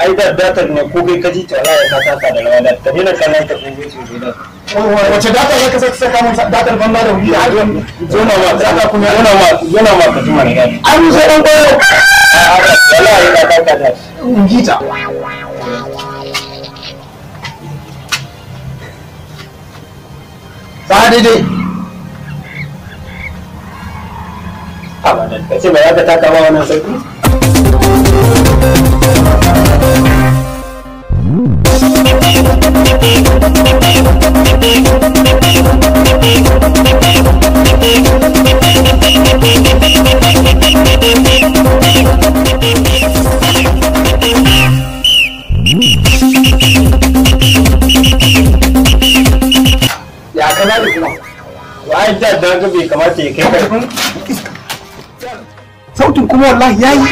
ai da datar ne ko kai kaji ta rawa ta ta da rawa da ta dina kallon ta kuma ce da. wace data zaka ka saka mun datar banda da wuri zona wa data kuma zona wa zona wa ka tuma ne an sai dan koyo wallahi da taka da ngita sadi dai abadan kace ba ya ka kama ba wannan sarki kamata kuma da ya sautin kuma wallahi yayi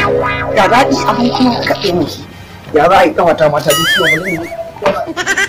ga daɗi abin kuma kaɗe ne ya za a yi kawata mata duk ciwon ne.